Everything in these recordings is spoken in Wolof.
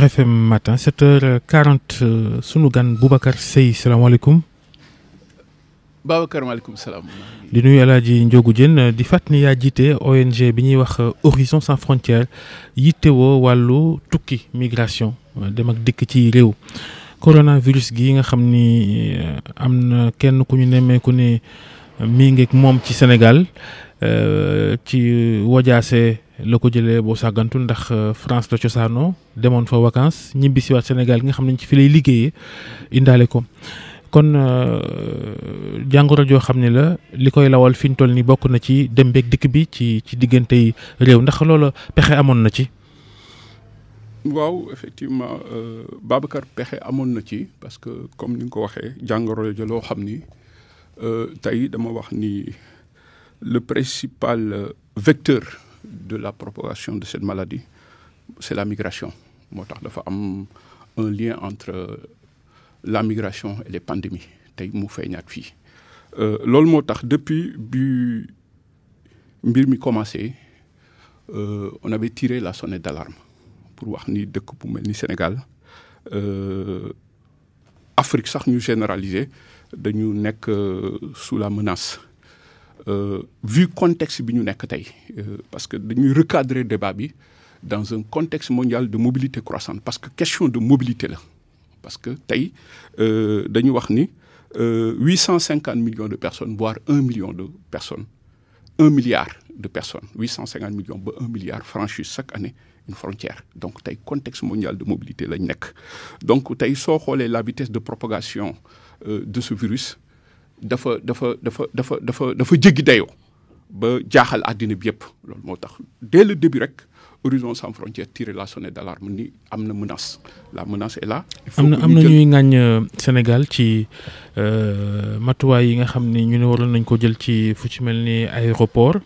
RFM matin 7h40 sunu gan Boubacar Seye alaikum. Babacar maaleykum salam. di nuyu El Hadj Ndiogou Diène di fàttali yaa jiite ONG bi ñuy wax euh, Horizon sans frontières yittewoo wàllu tukki migration euh, dem ak dikk ci réew. coronavirus gi nga xamni euh, amna kenn ku ñu nemmeeku ne mii ngeeg mom ci Sénégal. Euh, ci wajaase la ko jëlee boo sàggantul ndax euh, France la cosaano demoon fa vacances ñibbi si waat Sénégal gi nga xam ne ci fi lay liggéeyee indaale ko kon euh, jàngoro joo xam ne la li koy lawal fi ñu toll nii bokk na ci dem beeg dikk bi ci ci diggante yi réew ndax loola pexe amoon na ci. waaw effectivement Babacar pexe amoon na ci parce que comme ni nga ko waxee jàngoro joo loo xam ni tey dama wax ni. le principal euh, vecteur de la propagation de cette maladie, c'est la migration. Il y a un lien entre euh, la migration et les pandémies euh, depuis que mbir commencé on avait tiré la sonnette d'alarme pour voir, ni de bu ni Sénégal Afrique sax ñu généraliser nous sommes sous la menace euh, vu contexte bi euh, parce que dañuy recadrer débat bi dans un contexte mondial de mobilité croissante parce que question de mobilité là parce que 850 euh, wax ni millions de personnes voire 1 million de personnes 1 milliard de personnes 850 millions ba 1 milliard franchissent chaque année une frontière donc tey contexte mondial de mobilité lañ donc tey soo xoolee la vitesse de propagation de ce virus dafa dafa dafa dafa dafa dafa jéggi dayoo ba jaaxal àddina bi yëpp loolu moo tax dès le début rek Horizon Sans Frontières tiré la de d'alarme ni am na menace la menace est là. am na am na ñuy ŋàññ euh, Sénégal ci euh, matuwaay yi nga xam ni ñu ne waroon nañ ko jël ci fu ci mel ni aéroport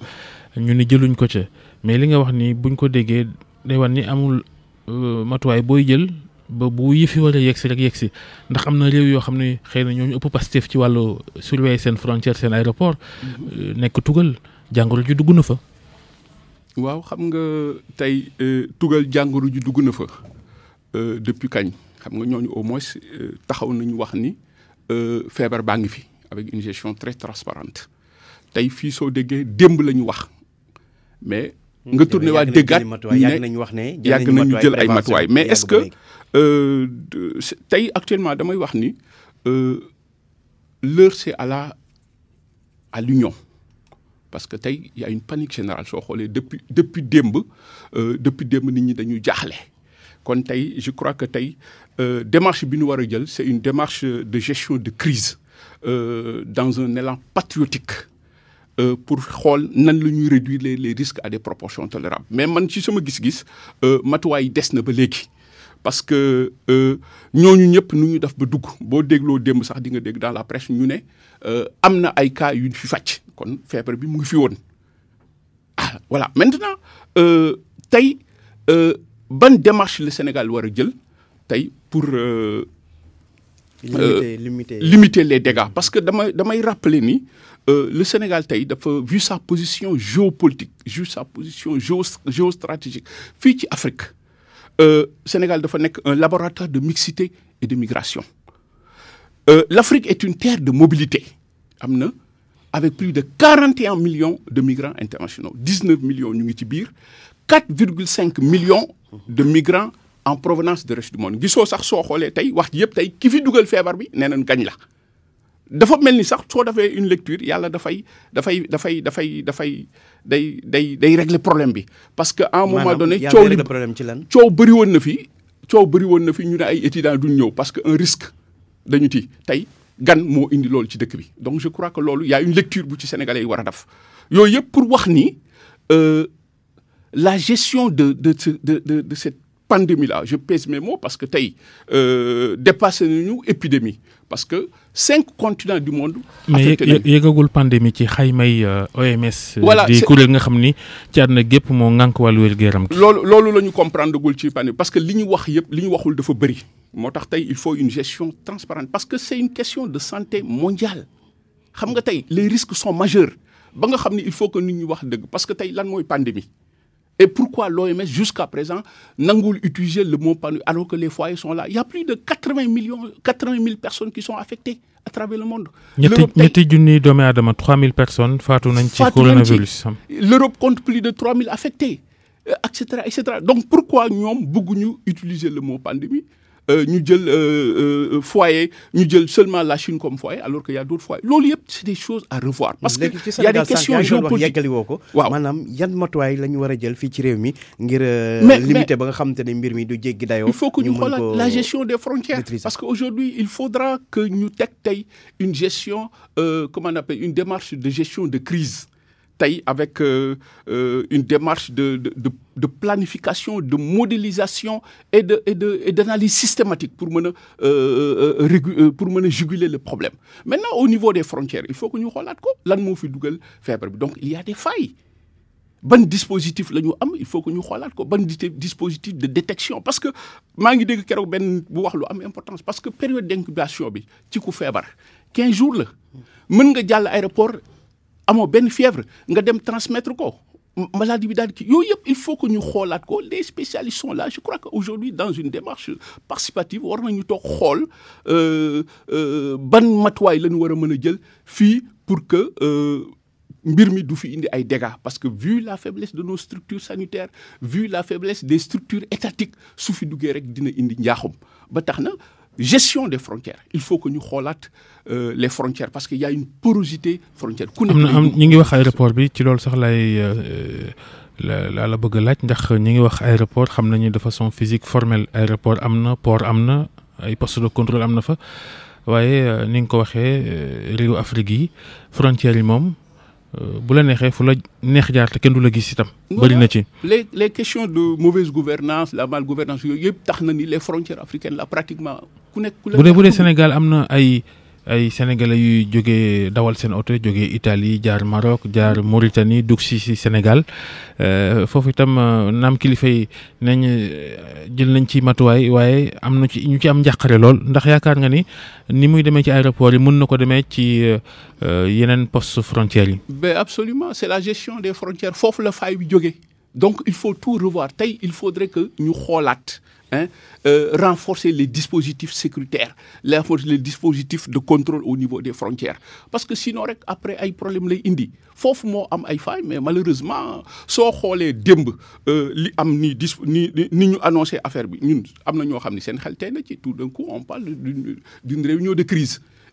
ñu ni jëluñ ko ca mais li nga wax nii buñ ko déggee day wan ni amul euh, matuwaay booy jël. ba bu yëfi war a yegsi rek yegsi ndax ne surveiller frontière aéroport fa. waaw xam nga euh, euh, depuis kañ xam nga ñooñu au moins euh, taxaw nañu wax avec une gestion très transparente tey fii soo déggee démb la wax mais. Hmm. nga tourné waa déggaat wax mais est-ce que. Euh, tey actuellement damay wax ni euh, l'heure c'est à la à l'union parce que tey y a une panique générale soo xoolee depuis depuis démb euh, depuis démb nit ñi dañu jaaxle kon tey je crois que tey démarche bi ñu war a jël c'est une démarche de gestion de crise dans un élan patriotique pour xool nan la ñuy réduire les risques à des proportions tolérables mais man ci sama gis-gis matuwaay des na ba léegi parce que nous, euh, ñëpp nu ñu def ba dugg boo dégloo démb sax di nga dégg dans la presse ñu ne euh, am na ay cas yu ñu fi fàcc kon feebar bi mu ngi fi ah, voilà maintenant euh, tey ban démarche le Sénégal war a jël pour. limiter les dégâts parce que je damay rappeler ni le Sénégal tey dafa vu sa position géopolitique vu sa position géostratégique fii ci Afrique. Euh, Sénégal est un laboratoire de mixité et de migration euh, l'Afrique est une terre de mobilité avec plus de 41 millions de migrants internationaux 19 millions de 4,5 millions de migrants en provenance de reste du monde dafa mel ni sax soo defee une lecture yàlla dafay dafay dafay dafay dafay day day day régler problème bi. parce que à un moment donné coow li problème ci lan. coow bëri woon na fi coow bëri woon na fi ñu ne ay étudiant duñ ñëw parce que un risque dañu ti tey gan moo indi loolu ci dëkk bi. donc je crois que loolu y a une lecture bu ci sénégalais yi war a def yooyu yëpp pour wax ni euh, la gestion de de de de de cette. pandémie là je pèse mes mots parce que tey euh, dépassé nañu épidémie parce que cinq continents du monde. mais yëgagul pandémie ci xaymay euh, OMS. Euh, voilà di kuréel nga xam ni ci àdduna gépp moo ŋànk wàllu wér-gu-yaram gi. loolu loolu la ñu comprendre gul ci pandémie parce que li ñu wax yëpp li ñu waxul dafa bëri. moo tax il faut une gestion transparente parce que c'est une question de santé mondiale xam nga les risques sont majeurs ba nga xam il faut que nous nous wax parce que tey lan mooy pandémie. Et pourquoi l'OMS, jusqu'à présent, pas utilisé le mot pandémie » alors que les foyers sont là Il y a plus de 80, millions, 80 000 personnes qui sont affectées à travers le monde. 000 personnes L'Europe compte plus de 3 000 affectés, etc., euh, etc. Donc pourquoi nous avons beaucoup utilisé le mot pandémie euh, ñu jël euh, euh, foyer ñu jël seulement la Chine comme foyer alors qu'il y a d'autres foyers loolu yëpp c'est des choses à revoir. parce que y a des questions géopolitiques yeggali ko. maanaam yan matuwaay la a jël fii ci réew mi ngir. ba nga mbir mi jéggi il faut que nous xoolaat la gestion des frontières. parce que il faudra que ñu teg une gestion comment on appelle une démarche de gestion de crise avec euh, euh, une démarche de, planification de modélisation et d'analyse systématique pour mener euh, pour juguler le problème maintenant au niveau des frontières il faut que nous voyons ko lan moo donc il y a des failles Bon dispositif il faut que nous xoolaat ko dispositif de détection parce que mangi ne sais pas benn bu wax importance parce que période d'incubation bi ci ko 15 jours la mën nga à l'aéroport amoo benn fièvre nga dem transmettre ko maladie bi il faut que ñu xoolaat ko les spécialistes sont là je crois que aujourd'hui dans une démarche participative war nañu toog xool euh, euh, ban matuwaay la pour que euh, mbir mi du fi indi ay dégâts parce que vu la faiblesse de nos structures sanitaires vu la faiblesse des structures étatiques su fi duggee rek dina indi ba gestion des frontières il faut que nous xoolaat euh, les frontières parce qu'il y a une porosité frontière. Nous nekk ngi wax aéroport bi ci lool sax lay euh, euh, la la bëgg laaj ndax ngi wax aéroport xam nañu de façon physique formelle aéroport amna port amna Il ay poste de contrôle amna fa waaye ni nga ko waxee réewu Afrique yi frontières bu la neexee fu la neex jaar te kenn du la gis itam. bëri na ci les les questions de mauvaise gouvernance la mal gouvernance yooyu yëpp tax na ni les frontières africaines la pratiquement ku nekk ku bu dee bu dee Sénégal am na ay ay sénégalais yu jógee dawal seen oto jógee Italie jaar Maroc jaar Mauritanie dugg si si Sénégal euh, foofu itam euh, naam kilifa yi nañ euh, jël nañ ci matuwaay waaye am na ci ñu ci am njàqare lool ndax yaakaar nga ni ni muy demee ci aéroport yi mën na ko demee ci yeneen poste frontières yi. mais ben, absolument c'est la gestion des frontières foofu la faay bi jógee donc il faut tout revoir tey il faudrait que ñu xoolaat. Hein, euh, renforcer les dispositifs sécuritaires, renforcer les dispositifs de contrôle au niveau des frontières. Parce que sinon, après, il y a problème mais malheureusement, so xolé demb ni ni, annoncer affaire tout d'un coup on parle d'une réunion de crise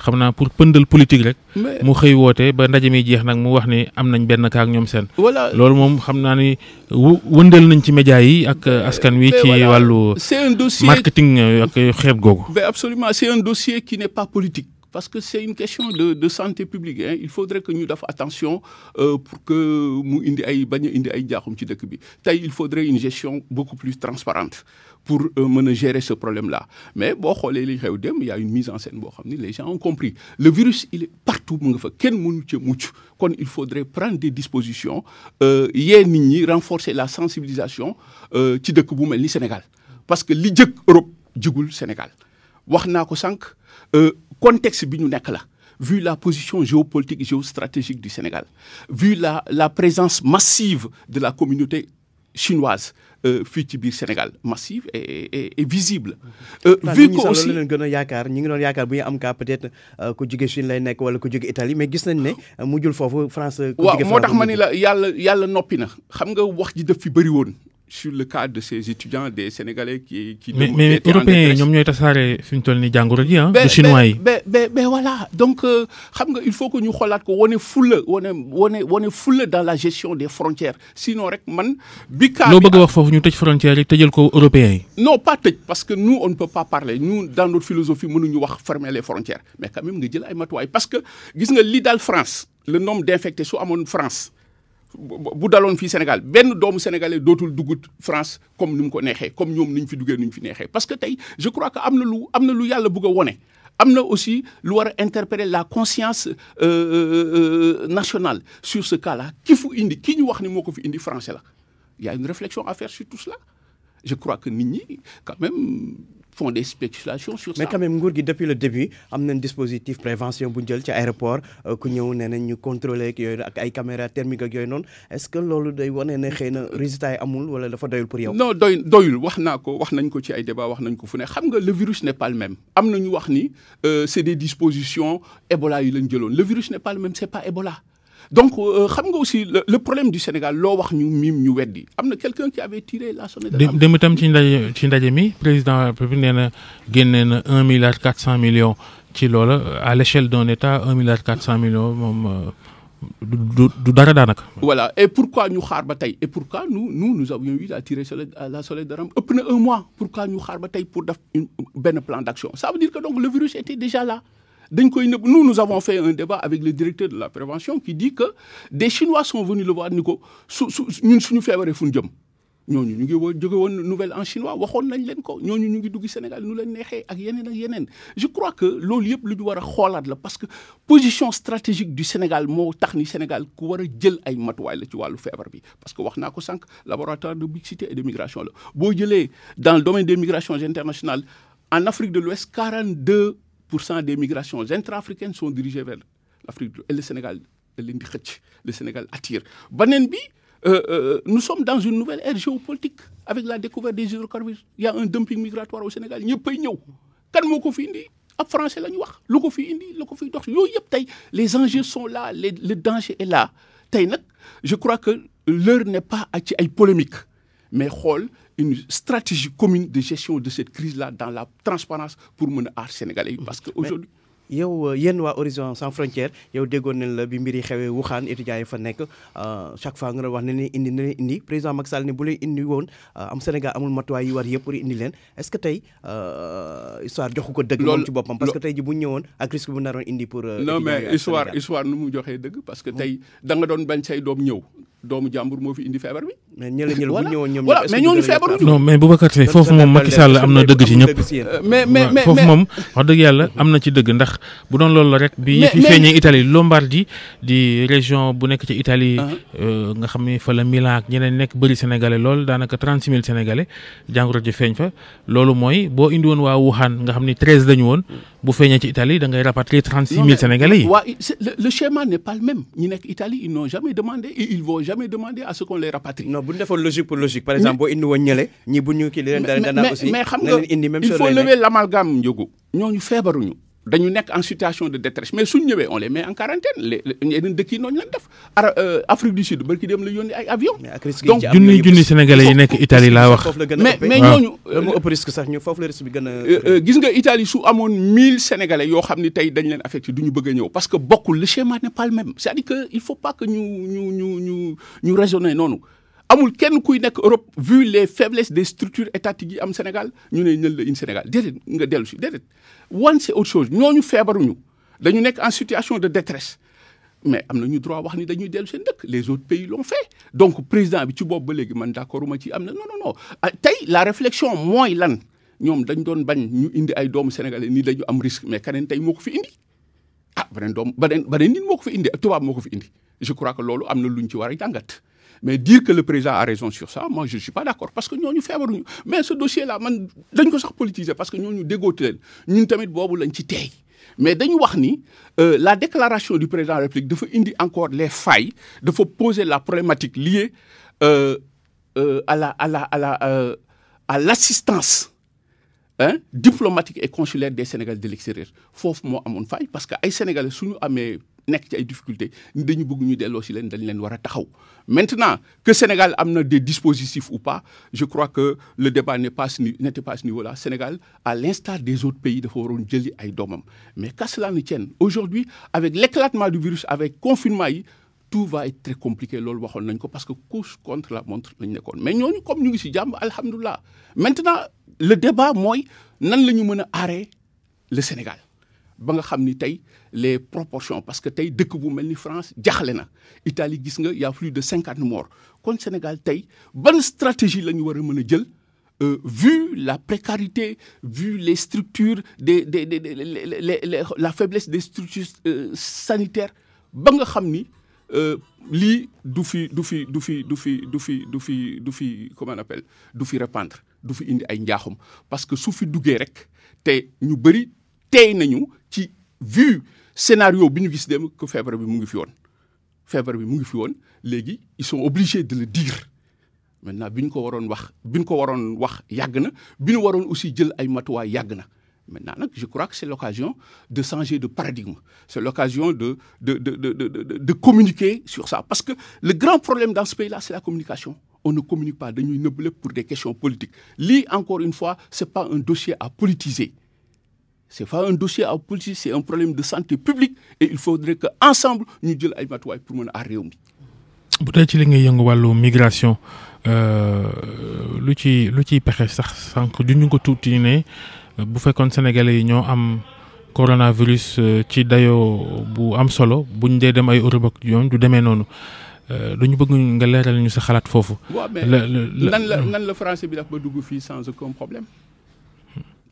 xam naa pour pëndal politique rek. mu xëy woote ba ndaje mi jeex nag mu wax ni am nañ benn kaak ñoom seen. voilà loolu moom xam naa ni wëndal nañ ci média yi ak askan wi. ci wàllu marketing euh, ak xeet googu. mais absolument c'est parce que c'est une question de, santé publique hein. il faudrait que nous fassions attention euh, pour que nous indi ay il faudrait une gestion beaucoup plus transparente pour euh, gérer ce problème là mais bon, il y a une mise en scène les gens ont compris le virus il est partout il faudrait prendre des dispositions euh, renforcer la sensibilisation euh, ci Sénégal parce que li Europe le Sénégal wax naa ko sànq euh, contexte bi ñu nekk la vu la position géopolitique géostratégique du Sénégal vu la la présence massive de la communauté chinoise euh, fii ci biir Sénégal massive et et et visible. euh, vu que aussi leen gën a ñi ngi doon yaakar bu ñu am ka peut-être euh, ku jóge Chine lay nekk wala ku jóge Italie mais gis nañ né mu jul fofu France. ku jóge waaw moo tax ma ni la yàlla yàlla noppi na xam nga wax ji def fi bëri won sur le cas de ces étudiants des Sénégalais qui qui mais, mais européens ils sont mieux fi ñu toll ah, ben, de chinois mais ben, mais ben, voilà donc euh, il faut que nous full, ko est on est dans la gestion des frontières sinon rek man. bika. cas loo bëgg a wax foofu ñu tëj frontières européens non pas tëj parce que nous on ne peut pas parler nous dans notre philosophie nous wax fermer les frontières mais quand même nous jël parce que gis nga li France le nombre d'infectés su en France bu daloon fi Sénégal ben doomu sénégalais dootul dugut France comme ni ko nexé comme ñom niñ fi nous ni ñu fi nexé parce que tay je crois que amna lu amna lu yalla bëgg woné amna aussi lu wara a interpeller la conscience euh, euh, euh, nationale sur ce cas là ki fu indi ki ñu wax ni moko fi indi français la y a une réflexion à faire sur tout cela je crois que nit quand même font des spéculations sur mais ça. mais quand même nguur gi depuis le début am nañ dispositif prévention bu ñu ci aéroport euh, ku ñëw nee nañ ñu contrôler ak yooyu ak ay caméra thermique ak yooyu noonu est-ce que loolu day wane ne xëy résultat yi amul wala dafa doyul pour yow. non doy doyul wax naa ko wax nañ ko ci ay débat wax ko fu xam nga le virus n'est pas le même am na ñu wax ni euh, c'est des dispositions Ebola yi lañ jëloon le virus n'est pas le même c'est pas Ebola donc euh, xam nga aussi le problème du Sénégal loo wax ñu mim ñu weddi quelqu'un qui avait tiré la sonnette de dem itam ci ndaje président République nee na un milliard millions à l'échelle d'un État un milliard quatre cent millions moom euh, du dara voilà et pourquoi ñu xaar ba et pourquoi nous nous nous avions eu à tirer la sonnette de ëpp na un mois pourquoi nous xaar ba pour une benn plan d'action ça veut dire que donc le virus était déjà là. Nous, nous avons fait un débat avec le directeur de la prévention qui dit que des Chinois sont venus le voir, Nico, nous sommes fièvres et ñooñu ñu ngi avons jóge woon nouvelle en chinois waxoon nañ leen ko ñooñu ñu ngi dugg Sénégal nu leen neexee ak yeneen ak yeneen je crois que loolu yëpp lu ñu war a la parce que position stratégique du Sénégal moo tax ni Sénégal ku war a jël ay matuwaay la ci wàllu feebar bi parce que wax naa ko sànq laboratoire de mixité et de migration la boo jëlee dans le domaine des migrations internationales en Afrique de l'Ouest 42 des migrations intra-africaines sont dirigées vers l'Afrique et le Sénégal. Le Sénégal attire. Banenbi, euh, euh, nous sommes dans une nouvelle ère géopolitique avec la découverte des hydrocarbures. Il y a un dumping migratoire au Sénégal. ñëpp ay kan de fi indi Les français la wax fi les enjeux sont là le danger est là je crois que l'heure n'est pas à polémique mais rôle une stratégie commune de gestion de cette crise-là dans la transparence pour mener à Sénégalais. Parce qu'aujourd'hui. yow euh, yenn waa Horizon sans frontière yow déggoon nañ la bi mbiri xewee Wuhan étudiants yi fa nekk euh, chaque fois nga wax ne ne indi na indi président Macky Sall ne bu leen indi woon euh, am Sénégal amul matuwaay yi war yëpp pour indi leen est-ce que tey histoire joxu ko dëgg. moom ci boppam parce que tey ji bu ñu ñëwoon ak risque bu naroon indi pour. non mais histoire histoire nu mu joxee dëgg parce que tey da nga doon bañ say doom ñëw. doomu jàmbur moo fi indi feebar bi. mais ñële ñële bu mais ñooñu feebaruñu. non mais Boubacar Seye foofu moom Macky am na dëgg ci ñëpp. mais mais foofu moom wax dëgg yàlla am na ci dëgg ndax bu doon loolu rek. bi fi feeñee Italie Lombardie di région bu nekk ci Italie. Ah. Euh, nga xam ne fa la Milan ak ñeneen nekk bëri sénégalais lool daanaka trente six mille sénégalais jàngoro ji feeñ fa. loolu mooy boo indi woon waa Wuhan nga xam ne treize dañu woon. Vous faites ci Italie da ngay rapatrier 36 000 Sénégalais yi. le schéma n'est pas le même ñi nekk Italie ils n'ont jamais demandé et ils vont jamais demander à ce qu'on les rapatrie. non vous ñu logique pour logique par exemple nous indi fait ñële ñi bu ñu leen dara aussi mais il faut lever l'amalgame Ndiogou ñooñu dañu nek en situation de détresse mais on les met en quarantaine euh, Afrique du Sud dem avion donc sénégalais yi Italie mais mais ah. euh, risque gis Italie su sénégalais parce que le schéma n'est pas le même c'est-à-dire il faut pas que nous ñu ñu amul kenn kuy nekk Europe vu les faiblesses des structures étatiques yi am Sénégal ñu ne ñël la une Sénégal déedéet nga dellu si déedéet wan c'est autre chose ñooñu feebaruñu dañu nekk en situation de détresse mais am ñu droit wax ni dañuy dellu seen dëkk les autres pays l'ont fait donc président bi ci boobu ba léegi man d'accord ma ci am na non non non ah, tey la réflexion mooy lan ñoom dañ doon bañ ñu indi ay doomu sénégalais ni dañu am risque mais keneen tey moo ko fi indi ah beneen doom beneen beneen nit moo ko fi indi tubaab moo ko fi indi je crois que loolu am na luñ ci war a jàngat mais dire que le président a raison sur ça moi je ne suis pas d'accord parce que nous, fait fait. mais ce dossier là man dañ ko sax politiser parce que nous nous Nous, Nous, tamit boobu lañ ci mais dañu wax ni euh, la déclaration du président de la République dafa indi encore les failles faut poser la problématique liée euh, euh, à la à la à la à l'assistance hein, diplomatique et consulaire des Sénégalais de l'extérieur foofu mo amone faille parce que ay Sénégalais suñu amé y ci ay difficultés dañu bëgg ñu delloo si leen dañ leen war taxaw maintenant que Sénégal amène des dispositifs ou pas je crois que le débat n'est pas n'était pas à ce niveau-là Sénégal à l'instar des autres pays dafa waroon jëli ay doomam mais que cela nous tienne aujourd'hui avec l'éclatement du virus avec confinement tout va être très compliqué loolu waxoon nañ ko parce que course contre la montre lañ nekkoon mais ñooñu comme ñu ngi si jàmm alhamdulilah maintenant le débat mooy nan la ñu mën le Sénégal ba nga xam ni les proportions parce que tey dëkk bu mel ni France jaaxle na Italie gis nga y' a plus de 50 morts kon Sénégal tey bonne stratégie la war a mën euh, vu la précarité vu les structures des des des la faiblesse des structures euh, sanitaires ba nga xam ni euh, li du fi du fi du fi du fi du fi du fi du fi comment on appelle du fi répandre du fi indi ay parce que su fi duggee rek te ñu bëri tey nañu ci vu scénario bi ñu que feebar bi mu ngi fi woon feebar bi mu ngi fi woon léegi ils sont obligés de le dire maintenant biñ ko waroon wax biñ ko waroon wax yàgg na bi ñu waroon aussi jël ay matuwaay yàgg na maintenant nak je crois que c'est l'occasion de changer de paradigme c'est l'occasion de de de de de de communiquer sur ça parce que le grand problème dans ce pays-là c'est la communication on ne communique pas dañuy nëbb pour des questions politiques lii encore une fois c'est pas un dossier à politiser c'est pas un dossier à politique, c'est un problème de santé publique et il faudrait que ensemble ñu jël ay matuwaay pour mën a aar réew mi. bu dee ci li ngay yëngu wàllu migration euh, lu ci lu ciy pexe sax sànq duñu ko tuuti ne bu fekkoon sénégalais yi ñoo am coronavirus euh, ci dayo bu am solo buñ dé dem ay Europe ak yoon du nonu euh dañu bëgg nga léral ñu sa xalaat fofu nan la hmm. nan la français bi daf ba dugg fi sans aucun problème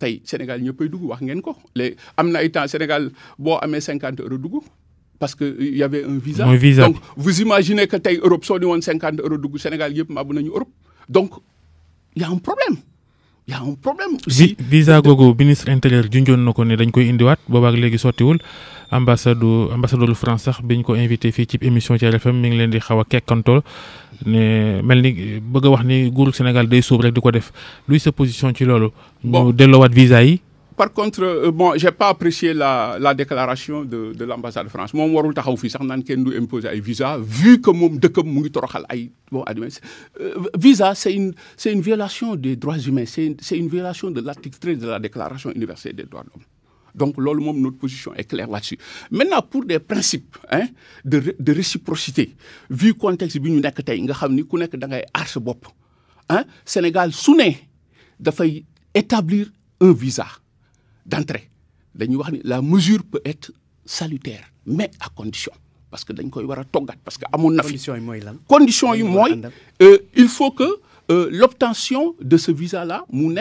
tey Sénégal ñëppay dugg wax ngeen ko léegi am na ay temps Sénégal boo amee 50 euros dugg parce que il y avait un visa. un visa donc vous imaginez que tey Europe soo ni woon cinquante euros dugg Sénégal yëpp màbb nañu Europe donc il y a un problème. y' a un problème. aussi visa googu ministre intérieur junjoon na ko ne dañ koy indiwaat boobaak léegi sottiwul ambassade ambassadeur France sax bi ñu ko invité fii ci émission ci RFM mi ngi leen di xaw a kekkantoo ne mel ni bëgg wax ni nguuru Sénégal day suub rek di ko def luy sa position ci loolu. ñu delloowaat visa yi. par contre euh, bon j'ai pas apprécié la déclaration de l'ambassade de France Moi, warul taxaw pas sax nous imposer visa vu que bon euh, visa c'est une c'est une violation des droits humains c'est une violation de l'article 13 de la déclaration universelle des droits de l'homme donc notre position est claire là-dessus maintenant pour des principes hein, de réciprocité vu contexte de hein, Sénégal su fait établir un visa d'entrée la mesure peut être salutaire mais à condition parce que dañ koy parce condition il faut que euh, l'obtention de ce visa là mu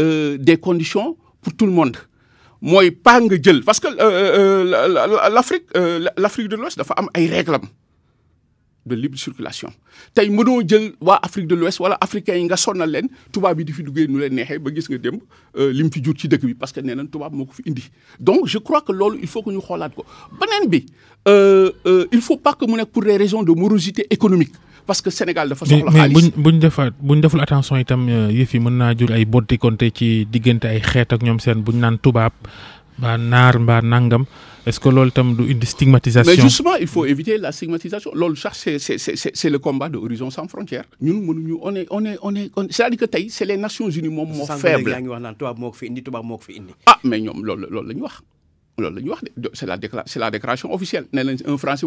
euh, des conditions pour tout le monde parce que euh, l'Afrique de l'Ouest dafa am ay de libre circulation tay mënoo jël wa Afrique de l'Ouest wala africains yi nga sonal leen tubaab yi di fi duggee nu leen neexee ba gis nga demb euh, lim fi jur ci dëkk bi parce que nee nañ moko fi indi. donc je crois que loolu il faut que ñu xoolaat ko benen bi euh, euh, il faut pas que mu pour des raisons de morosité économique parce que Sénégal dafa soxla xaalis mais buñ buñ defaat buñ deful attention itam euh, yefi mën na jur ay boddikonte ci digënté ay xeet ak ñom sen buñ nan tubaab ba nar ba nangam est-ce que l'OL tam du une stigmatisation. mais justement il faut éviter la stigmatisation L'OL, c'est le combat de Horizon sans frontières. ñun on est on est on est c'est-à-dire que c'est les Nations Unies qui sont faibles. ah mais non, l'OL, l'OL, c'est la déclaration officielle un français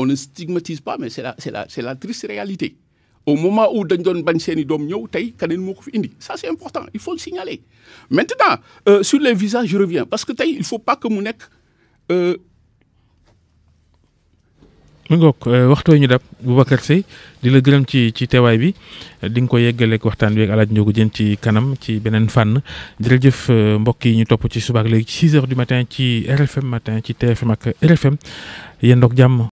on ne stigmatise pas mais c'est la la la triste réalité au moment où dañ doon bañ seen i keneen fi indi ça c'est important il faut le signaler maintenant euh, sur les visas je reviens parce que il il faut pas que mu nekk Euh, mu ngoog euh, waxtoo ñu dab Boubacar Seye di la gërëm ci ci teewaay bi di nga ko yeggaleek waxtaan bi ak alaaj njogu jën ci kanam ci beneen fànn jërëjëf euh, mbokk yi ñu topp ci subaak léegi ci 6 heures du matin ci RFM matin ci TFM ak RFM yéen ndoog jàmm